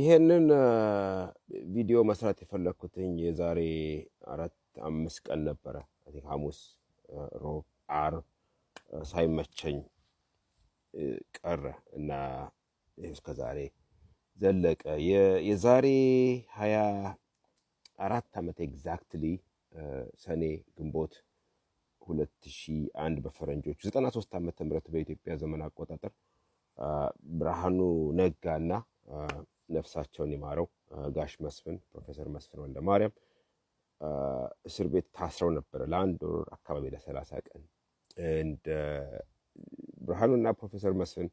ይሄንን ቪዲዮ መስራት የፈለግኩትኝ የዛሬ አራት አምስት ቀን ነበረ። ሐሙስ፣ ሮብ፣ ዓርብ ሳይመቸኝ ቀረ እና እስከ ዛሬ ዘለቀ። የዛሬ ሀያ አራት ዓመት ኤግዛክትሊ ሰኔ ግንቦት ሁለት ሺህ አንድ በፈረንጆቹ ዘጠና ሶስት ዓመተ ምህረት በኢትዮጵያ ዘመን አቆጣጠር ብርሃኑ ነጋ ነጋና ነፍሳቸውን ይማረው ጋሽ መስፍን ፕሮፌሰር መስፍን ማርያም እስር ቤት ታስረው ነበረ ለአንድ ወር አካባቢ ለሰላሳ ቀን እንደ ብርሃኑና ፕሮፌሰር መስፍን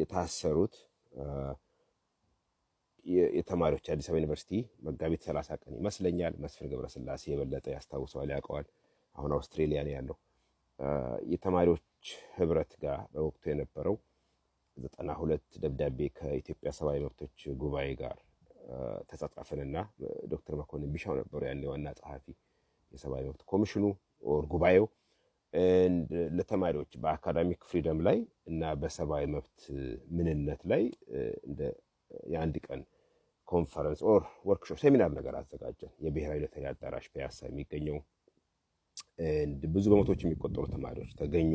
የታሰሩት የተማሪዎች አዲስ አበባ ዩኒቨርሲቲ መጋቢት ሰላሳ ቀን ይመስለኛል። መስፍን ገብረስላሴ የበለጠ ያስታውሰዋል፣ ያውቀዋል። አሁን አውስትሬሊያ ነው ያለው። የተማሪዎች ህብረት ጋር በወቅቱ የነበረው ዘጠና ሁለት ደብዳቤ ከኢትዮጵያ ሰብአዊ መብቶች ጉባኤ ጋር ተጻጻፍንና ዶክተር መኮንን ቢሻው ነበሩ ያኔ ዋና ጸሐፊ የሰብአዊ መብት ኮሚሽኑ ኦር ጉባኤው ለተማሪዎች በአካዳሚክ ፍሪደም ላይ እና በሰብአዊ መብት ምንነት ላይ እንደ የአንድ ቀን ኮንፈረንስ ኦር ወርክሾፕ ሴሚናር ነገር አዘጋጀን። የብሔራዊ ሎተሪ አዳራሽ ፒያሳ የሚገኘው ብዙ በመቶዎች የሚቆጠሩ ተማሪዎች ተገኙ።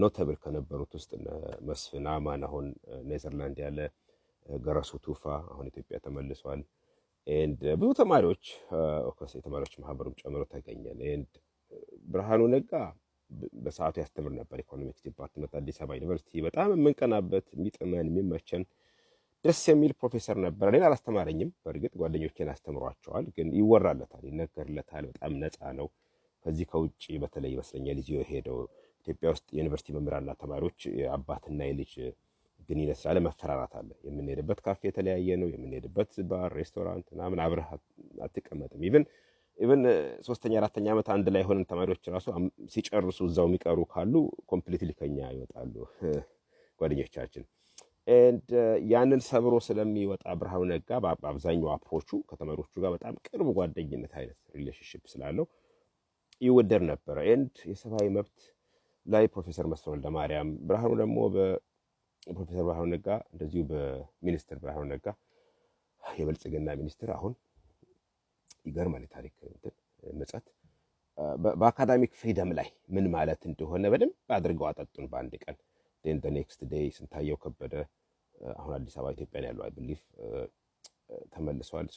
ኖተብል ከነበሩት ውስጥ መስፍን አማን አሁን ኔዘርላንድ ያለ ገረሱ ቱፋ አሁን ኢትዮጵያ ተመልሷል። ኤንድ ብዙ ተማሪዎች ኦፍኮርስ የተማሪዎች ማህበሩም ጨምሮ ተገኘን። ኤንድ ብርሃኑ ነጋ በሰዓቱ ያስተምር ነበር ኢኮኖሚክስ ዲፓርትመንት አዲስ አበባ ዩኒቨርሲቲ። በጣም የምንቀናበት የሚጥመን የሚመቸን ደስ የሚል ፕሮፌሰር ነበር። እኔን አላስተማረኝም። በእርግጥ ጓደኞቼን አስተምሯቸዋል፣ ግን ይወራለታል፣ ይነገርለታል። በጣም ነፃ ነው። ከዚህ ከውጭ በተለይ ይመስለኛል ይዞ የሄደው ኢትዮጵያ ውስጥ የዩኒቨርሲቲ መምህራንና ተማሪዎች የአባትና የልጅ ግንኙነት ስላለ መፈራራት አለ። የምንሄድበት ካፌ የተለያየ ነው። የምንሄድበት ባር፣ ሬስቶራንት ምናምን አብረህ አትቀመጥም። ኢቨን ኢቨን ሶስተኛ አራተኛ ዓመት አንድ ላይ የሆነን ተማሪዎች ራሱ ሲጨርሱ እዛው የሚቀሩ ካሉ ኮምፕሊትሊ ከኛ ይወጣሉ ጓደኞቻችን። ኤንድ ያንን ሰብሮ ስለሚወጣ ብርሃኑ ነጋ በአብዛኛው አፕሮቹ ከተማሪዎቹ ጋር በጣም ቅርብ ጓደኝነት አይነት ሪሌሽንሽፕ ስላለው ይወደድ ነበረ። ኤንድ የሰብአዊ መብት ላይ ፕሮፌሰር መስፍን ወልደ ማርያም፣ ብርሃኑ ደግሞ በፕሮፌሰር ብርሃኑ ነጋ እንደዚሁ በሚኒስትር ብርሃኑ ነጋ የብልጽግና ሚኒስትር አሁን ይገርማል። የታሪክ ምጸት በአካዳሚክ ፍሪደም ላይ ምን ማለት እንደሆነ በደንብ አድርገው አጠጡን በአንድ ቀን። ዴን ኔክስት ዴይ ስንታየው ከበደ አሁን አዲስ አበባ ኢትዮጵያን ያለው አይ ብሊቭ ተመልሰዋል።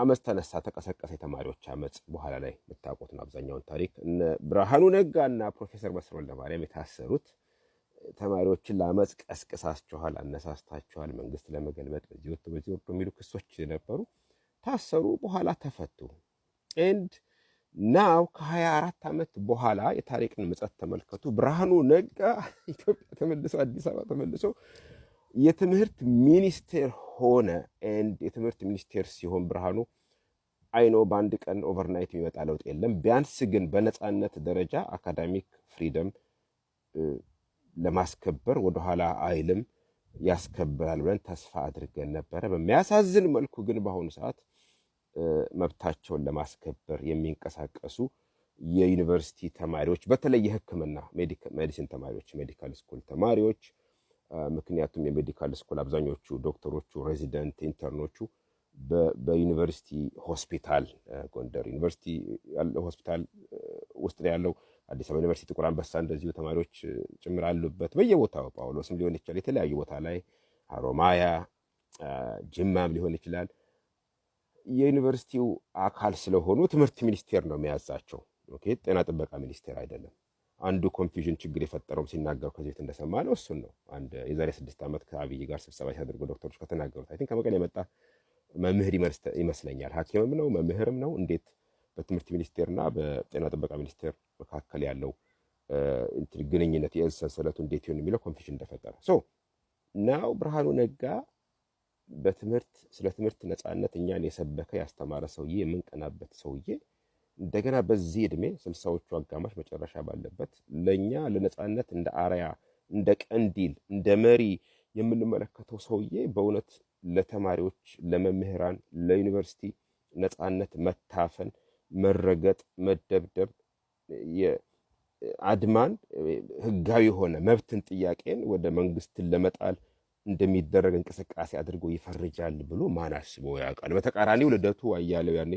አመፅ ተነሳ፣ ተቀሰቀሰ። የተማሪዎች አመፅ በኋላ ላይ የምታውቁት ነው አብዛኛውን ታሪክ። እነ ብርሃኑ ነጋ እና ፕሮፌሰር መስፍን ወልደማርያም የታሰሩት ተማሪዎችን ለአመፅ ቀስቅሳችኋል፣ አነሳስታችኋል፣ መንግስት ለመገልበጥ በዚህ ወጡ በዚህ ወጡ የሚሉ ክሶች ነበሩ። ታሰሩ፣ በኋላ ተፈቱ። ኤንድ ናው ከሀያ አራት ዓመት በኋላ የታሪክን ምጸት ተመልከቱ። ብርሃኑ ነጋ ኢትዮጵያ ተመልሶ አዲስ አበባ ተመልሶ የትምህርት ሚኒስቴር ሆነ ኤንድ የትምህርት ሚኒስቴር ሲሆን ብርሃኑ አይኖ በአንድ ቀን ኦቨርናይት የሚመጣ ለውጥ የለም። ቢያንስ ግን በነፃነት ደረጃ አካዳሚክ ፍሪደም ለማስከበር ወደኋላ አይልም፣ ያስከብራል ብለን ተስፋ አድርገን ነበረ። በሚያሳዝን መልኩ ግን በአሁኑ ሰዓት መብታቸውን ለማስከበር የሚንቀሳቀሱ የዩኒቨርሲቲ ተማሪዎች በተለይ የሕክምና ሜዲሲን ተማሪዎች ሜዲካል ስኩል ተማሪዎች ምክንያቱም የሜዲካል ስኩል አብዛኞቹ ዶክተሮቹ፣ ሬዚደንት ኢንተርኖቹ በዩኒቨርሲቲ ሆስፒታል ጎንደር ዩኒቨርሲቲ ሆስፒታል ውስጥ ነው ያለው። አዲስ አበባ ዩኒቨርሲቲ ጥቁር አንበሳ እንደዚሁ ተማሪዎች ጭምር አሉበት። በየቦታው ጳውሎስም ሊሆን ይችላል፣ የተለያዩ ቦታ ላይ አሮማያ፣ ጅማም ሊሆን ይችላል። የዩኒቨርሲቲው አካል ስለሆኑ ትምህርት ሚኒስቴር ነው የሚያዛቸው፣ ጤና ጥበቃ ሚኒስቴር አይደለም። አንዱ ኮንፊውዥን ችግር የፈጠረውም ሲናገሩ ከዚህ ቤት እንደሰማ ነው እሱን ነው። አንድ የዛሬ ስድስት ዓመት ከአብይ ጋር ስብሰባ ሲያደርጉ ዶክተሮች ከተናገሩት አይ ከመቀሌ የመጣ መምህር ይመስለኛል። ሐኪምም ነው መምህርም ነው። እንዴት በትምህርት ሚኒስቴርና በጤና ጥበቃ ሚኒስቴር መካከል ያለው ግንኙነት የእዝ ሰንሰለቱ እንዴት ይሆን የሚለው ኮንፊውዥን እንደፈጠረ ሶ ናው ብርሃኑ ነጋ በትምህርት ስለ ትምህርት ነፃነት እኛን የሰበከ ያስተማረ ሰውዬ የምንቀናበት ሰውዬ እንደገና በዚህ እድሜ ስልሳዎቹ አጋማሽ መጨረሻ ባለበት ለእኛ ለነፃነት እንደ አርያ እንደ ቀንዲል እንደ መሪ የምንመለከተው ሰውዬ በእውነት ለተማሪዎች፣ ለመምህራን፣ ለዩኒቨርሲቲ ነፃነት መታፈን፣ መረገጥ፣ መደብደብ አድማን ህጋዊ የሆነ መብትን ጥያቄን ወደ መንግስትን ለመጣል እንደሚደረግ እንቅስቃሴ አድርጎ ይፈርጃል ብሎ ማን አስቦ ያውቃል? በተቃራኒው ልደቱ አያሌው ያኔ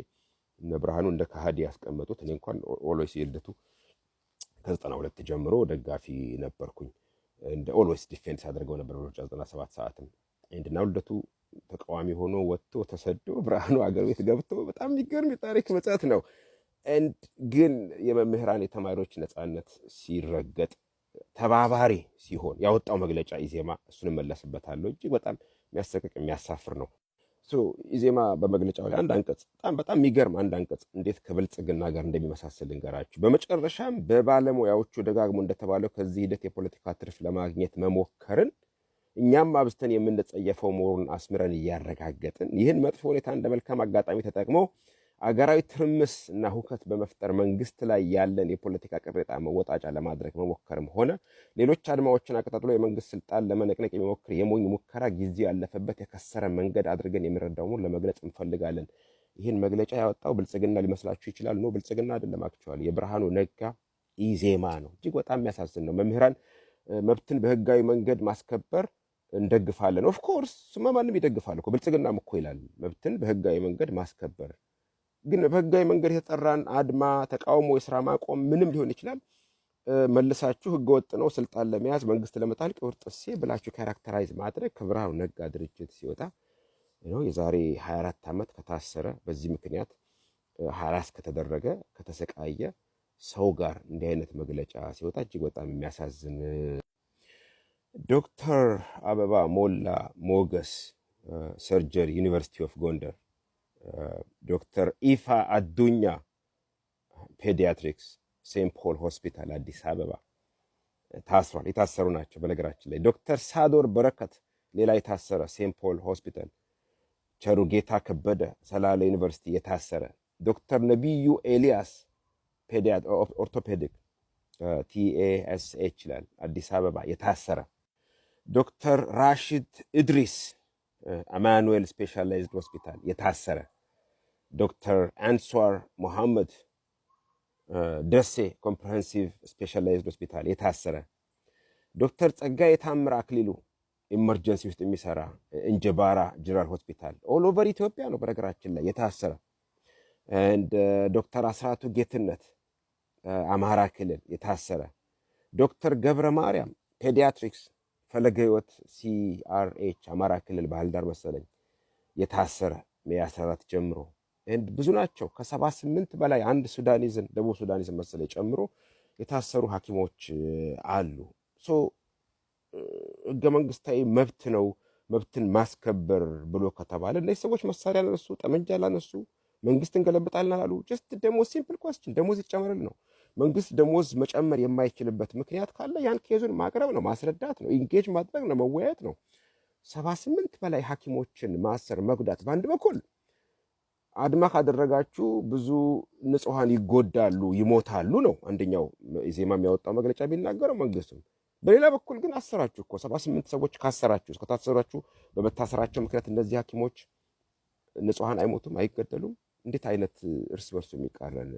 እነ ብርሃኑ እንደ ከሃዲ ያስቀመጡት። እኔ እንኳን ኦልዌይስ የልደቱ ከዘጠና ሁለት ጀምሮ ደጋፊ ነበርኩኝ። እንደ ኦልዌይስ ዲፌንስ አድርገው ነበር በምርጫ ዘጠና ሰባት ሰዓትም እንድና ልደቱ ተቃዋሚ ሆኖ ወጥቶ ተሰዶ ብርሃኑ አገር ቤት ገብቶ በጣም የሚገርም የታሪክ መጽት ነው። እንድ ግን የመምህራን የተማሪዎች ነፃነት ሲረገጥ ተባባሪ ሲሆን ያወጣው መግለጫ ኢዜማ እሱን እመለስበታለሁ። እጅግ በጣም የሚያሰቅቅ የሚያሳፍር ነው። ኢዜማ በመግለጫው ላይ አንድ አንቀጽ በጣም በጣም የሚገርም አንድ አንቀጽ እንዴት ከብልጽግና ጋር እንደሚመሳሰል ልንገራችሁ። በመጨረሻም በባለሙያዎቹ ደጋግሞ እንደተባለው ከዚህ ሂደት የፖለቲካ ትርፍ ለማግኘት መሞከርን እኛም አብዝተን የምንጸየፈው መሆኑን አስምረን እያረጋገጥን ይህን መጥፎ ሁኔታ እንደ መልካም አጋጣሚ ተጠቅመው አገራዊ ትርምስ እና ሁከት በመፍጠር መንግስት ላይ ያለን የፖለቲካ ቅሬታ መወጣጫ ለማድረግ መሞከርም ሆነ ሌሎች አድማዎችን አቀጣጥሎ የመንግስት ስልጣን ለመነቅነቅ የሚሞክር የሞኝ ሙከራ ጊዜ ያለፈበት የከሰረ መንገድ አድርገን የሚረዳውን ለመግለጽ እንፈልጋለን። ይህን መግለጫ ያወጣው ብልጽግና ሊመስላችሁ ይችላል። ኖ ብልጽግና አይደለም። አክቹዋሊ የብርሃኑ ነጋ ኢዜማ ነው። እጅግ በጣም የሚያሳዝን ነው። መምህራን መብትን በህጋዊ መንገድ ማስከበር እንደግፋለን። ኦፍኮርስ ስማ ማንም ይደግፋል እኮ ብልጽግናም እኮ ይላል መብትን በህጋዊ መንገድ ማስከበር ግን በህጋዊ መንገድ የተጠራን አድማ፣ ተቃውሞ፣ የስራ ማቆም ምንም ሊሆን ይችላል መልሳችሁ ህገወጥ ነው ስልጣን ለመያዝ መንግስት ለመጣል ቅብር ጥሴ ብላችሁ ካራክተራይዝ ማድረግ ከብርሃኑ ነጋ ድርጅት ሲወጣ የዛሬ 24 ዓመት ከታሰረ በዚህ ምክንያት ሀራስ ከተደረገ ከተሰቃየ ሰው ጋር እንዲህ አይነት መግለጫ ሲወጣ እጅግ በጣም የሚያሳዝን። ዶክተር አበባ ሞላ ሞገስ ሰርጀሪ ዩኒቨርሲቲ ኦፍ ጎንደር ዶክተር ኢፋ አዱኛ ፔዲያትሪክስ ሴንት ፖል ሆስፒታል አዲስ አበባ ታስሯል። የታሰሩ ናቸው። በነገራችን ላይ ዶክተር ሳዶር በረከት ሌላ የታሰረ ሴንት ፖል ሆስፒታል፣ ቸሩ ጌታ ከበደ ሰላሌ ዩኒቨርሲቲ የታሰረ ዶክተር ነቢዩ ኤልያስ ኦርቶፔዲክ ቲኤስኤች ይላል አዲስ አበባ የታሰረ ዶክተር ራሽድ ኢድሪስ አማኑኤል ስፔሻላይዝድ ሆስፒታል የታሰረ ዶክተር አንስዋር ሙሐመድ ደሴ ኮምፕሬሄንሲቭ ስፔሻላይዝድ ሆስፒታል የታሰረ ዶክተር ጸጋ የታምር አክሊሉ ኢመርጀንሲ ውስጥ የሚሰራ እንጀባራ ጀነራል ሆስፒታል ኦል ኦቨር ኢትዮጵያ ነው በነገራችን ላይ የታሰረ ዶክተር አስራቱ ጌትነት አማራ ክልል የታሰረ ዶክተር ገብረ ማርያም ፔዲያትሪክስ ፈለገ ህይወት ሲአርኤች አማራ ክልል ባህል ዳር መሰለኝ የታሰረ ሜይ 14 ጀምሮ ብዙ ናቸው። ከሰባ ስምንት በላይ አንድ ሱዳኒዝን ደቡብ ሱዳኒዝን መሰለኝ ጨምሮ የታሰሩ ሐኪሞች አሉ። ህገ መንግስታዊ መብት ነው መብትን ማስከበር ብሎ ከተባለ እነዚህ ሰዎች መሳሪያ ላነሱ፣ ጠመንጃ ላነሱ መንግስት እንገለብጣለን አላሉ። ጀስት ደሞዝ ሲምፕል ኳስችን ደሞዝ ይጨመርል ነው። መንግስት ደሞዝ መጨመር የማይችልበት ምክንያት ካለ ያን ኬዙን ማቅረብ ነው፣ ማስረዳት ነው፣ ኢንጌጅ ማድረግ ነው፣ መወያየት ነው። ሰባ ስምንት በላይ ሐኪሞችን ማሰር መጉዳት በአንድ በኩል አድማ ካደረጋችሁ ብዙ ንጹሐን ይጎዳሉ፣ ይሞታሉ ነው አንደኛው ዜማ የሚያወጣው መግለጫ ቢናገረው መንግስትም። በሌላ በኩል ግን አሰራችሁ እኮ ሰባ ስምንት ሰዎች ካሰራችሁ ከታሰራችሁ በመታሰራቸው ምክንያት እነዚህ ሐኪሞች ንጹሐን አይሞቱም፣ አይገደሉም። እንዴት አይነት እርስ በርሱ የሚቃረን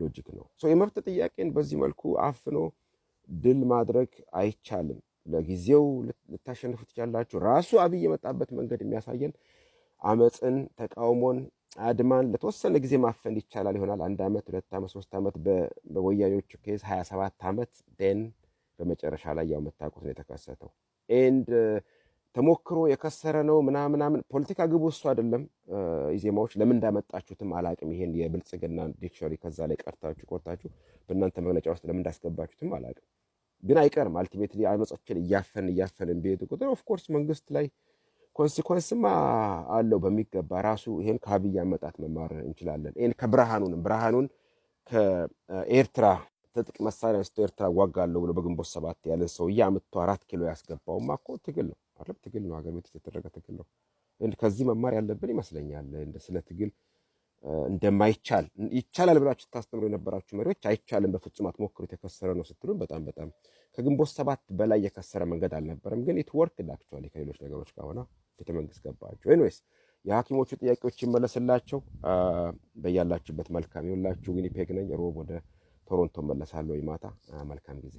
ሎጂክ ነው? የመብት ጥያቄን በዚህ መልኩ አፍኖ ድል ማድረግ አይቻልም። ለጊዜው ልታሸንፉ ትችላላችሁ። ራሱ አብይ የመጣበት መንገድ የሚያሳየን አመፅን፣ ተቃውሞን አድማን ለተወሰነ ጊዜ ማፈን ይቻላል ይሆናል። አንድ ዓመት፣ ሁለት ዓመት፣ ሶስት ዓመት በወያኔዎቹ ኬዝ ሀያ ሰባት ዓመት ዴን በመጨረሻ ላይ ያው መታቆት ነው የተከሰተው። ኤንድ ተሞክሮ የከሰረ ነው ምናምን ምናምን ፖለቲካ ግቡ እሱ አይደለም። ኢዜማዎች ለምን እንዳመጣችሁትም አላቅም። ይሄን የብልጽግና ዲክሽነሪ ከዛ ላይ ቀርታችሁ ቆርታችሁ በእናንተ መግለጫ ውስጥ ለምን እንዳስገባችሁትም አላቅም። ግን አይቀርም አልቲሜትሊ አመጾችን እያፈን እያፈን ቢሄዱ ቁጥር ኦፍኮርስ መንግስት ላይ ኮንስኮንስማ አለው በሚገባ ራሱ ይሄን ከአብይ አመጣት መማር እንችላለን። ይሄን ከብርሃኑንም ብርሃኑን ከኤርትራ ትጥቅ መሳሪያ አንስቶ ኤርትራ ዋጋለሁ ብሎ በግንቦት ሰባት ያለ ሰውዬ አምጥቶ አራት ኪሎ ያስገባውማ እኮ ትግል ነው አለም ትግል ነው፣ ሀገር ቤት የተደረገ ትግል ነው። ከዚህ መማር ያለብን ይመስለኛል። ስለ ትግል እንደማይቻል ይቻላል ብላችሁ ታስተምሩ የነበራችሁ መሪዎች አይቻልም፣ በፍጹም አትሞክሩት፣ የተከሰረ ነው ስትሉን በጣም በጣም ከግንቦት ሰባት በላይ የከሰረ መንገድ አልነበረም። ግን ኢት ወርክ ላክቸዋል ከሌሎች ነገሮች ጋር ሆና ቤተ መንግስት ገባችሁ። ኤኒዌይስ የሐኪሞቹ ጥያቄዎች ይመለስላቸው። በያላችሁበት መልካም ይሁንላችሁ። ዊኒፔግ ነኝ። ሮብ ወደ ቶሮንቶ መለሳለሁ። ይማታ መልካም ጊዜ